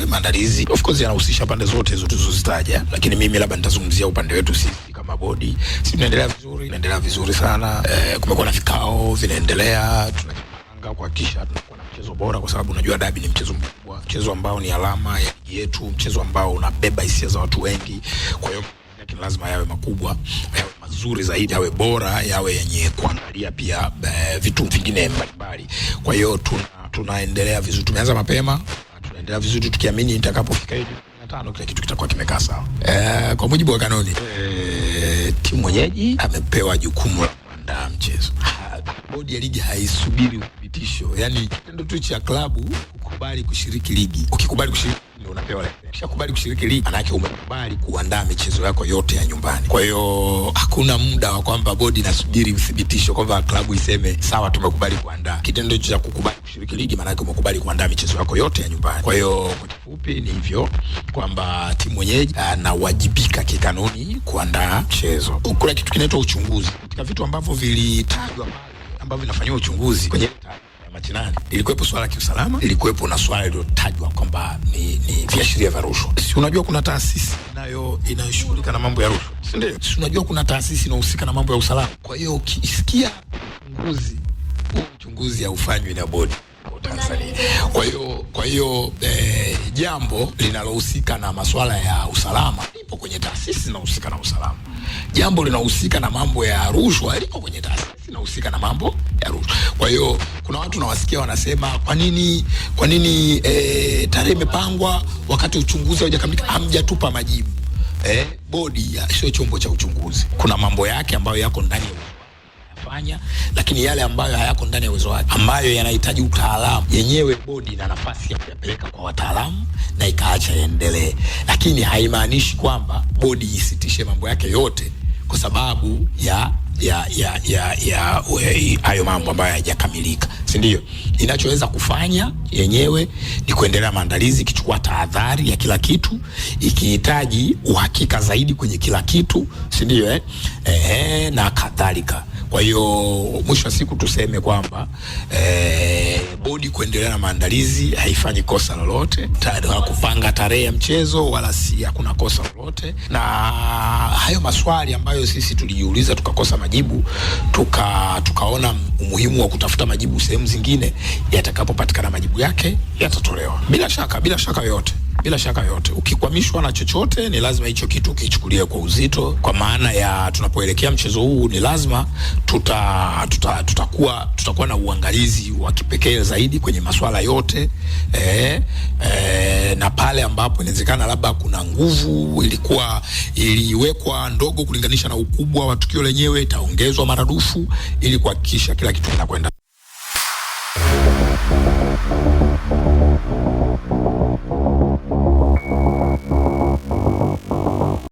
eh, maandalizi of course yanahusisha pande zote hizo tulizozitaja, lakini mimi labda nitazungumzia upande wetu sisi kama bodi. Sisi tunaendelea vizuri, tunaendelea vizuri sana eh, kumekuwa na vikao vinaendelea, tunajipanga kuhakikisha tunakuwa na mchezo bora, kwa sababu unajua dabi ni mchezo mkubwa, mchezo ambao ni alama ya ligi yetu, mchezo ambao unabeba hisia za watu wengi, kwa hiyo lakini lazima yawe makubwa, yawe mazuri zaidi, yawe bora, yawe yenye kuangalia pia e, vitu vingine mbalimbali. Kwa hiyo tuna, tunaendelea vizuri, tumeanza mapema tunaendelea vizuri tukiamini itakapofika hivi tano kile kitu kitakuwa kimekaa sawa. Eh, kwa mujibu wa kanuni eh, timu mwenyeji amepewa jukumu la kuandaa mchezo. Bodi ya ligi haisubiri uthibitisho, yani kitendo tu cha klabu kukubali kushiriki ligi. Ukikubali kushiriki ndio unapewa leo. Ukishakubali kushiriki ligi, maana yake umekubali kuandaa michezo yako yote ya nyumbani. Kwa hiyo hakuna muda wa kwamba bodi inasubiri uthibitisho kwamba klabu iseme sawa, tumekubali kuandaa. Kitendo cha kukubali kushiriki ligi, maanake umekubali kuandaa michezo yako yote ya nyumbani. Kwa hiyo kwa kifupi ni hivyo kwamba timu mwenyeji anawajibika kikanuni kuandaa mchezo. Kuna kitu kinaitwa uchunguzi katika vitu ambavyo vilitajwa ambavyo vinafanyiwa uchunguzi kwenye machinani ilikuwepo swala la kiusalama, ilikuwepo na swala iliyotajwa kwamba ni, ni viashiria vya rushwa. Si unajua kuna taasisi inayo inayoshughulika na mambo ya rushwa, si ndio? Si unajua kuna taasisi inayohusika na mambo ya usalama. Kwa hiyo ukisikia uchunguzi, uchunguzi haufanywi na bodi kwa hiyo kwa hiyo eh, jambo linalohusika na masuala ya usalama lipo kwenye taasisi zinahusika na usalama. Jambo linahusika na mambo ya rushwa lipo kwenye taasisi zinahusika na mambo ya rushwa. Kwa hiyo kuna watu nawasikia wanasema kwa nini kwa nini e, tarehe imepangwa wakati uchunguzi haujakamilika? Hamjatupa majibu. Eh, bodi sio chombo cha uchunguzi, kuna mambo yake ambayo yako ndani kufanya, lakini yale ambayo hayako ndani ya uwezo wake, ambayo yanahitaji utaalamu, yenyewe bodi ina nafasi ya kuyapeleka kwa wataalamu na ikaacha yaendelee, lakini haimaanishi kwamba bodi isitishe mambo yake yote kwa sababu ya ya ya ya ya eh, hayo mambo ambayo hayajakamilika, si ndio? Inachoweza kufanya yenyewe ni kuendelea maandalizi, ikichukua tahadhari ya kila kitu, ikihitaji uhakika zaidi kwenye kila kitu, si ndio? Eh, na kadhalika. Kwa hiyo mwisho wa siku tuseme kwamba eh, bodi kuendelea na maandalizi haifanyi kosa lolote, kupanga tarehe ya mchezo wala si hakuna kosa lolote, na hayo maswali ambayo sisi tulijiuliza tukakosa majibu tuka, tukaona umuhimu wa kutafuta majibu sehemu zingine, yatakapopatikana majibu yake yatatolewa bila shaka, bila shaka yoyote bila shaka yote, ukikwamishwa na chochote, ni lazima hicho kitu kichukulie kwa uzito, kwa maana ya tunapoelekea mchezo huu ni lazima tuta, tuta, tutakuwa tutakuwa na uangalizi wa kipekee zaidi kwenye masuala yote e, e, na pale ambapo inawezekana labda kuna nguvu ilikuwa iliwekwa ndogo kulinganisha na ukubwa wa tukio lenyewe itaongezwa maradufu ili kuhakikisha kila kitu kinakwenda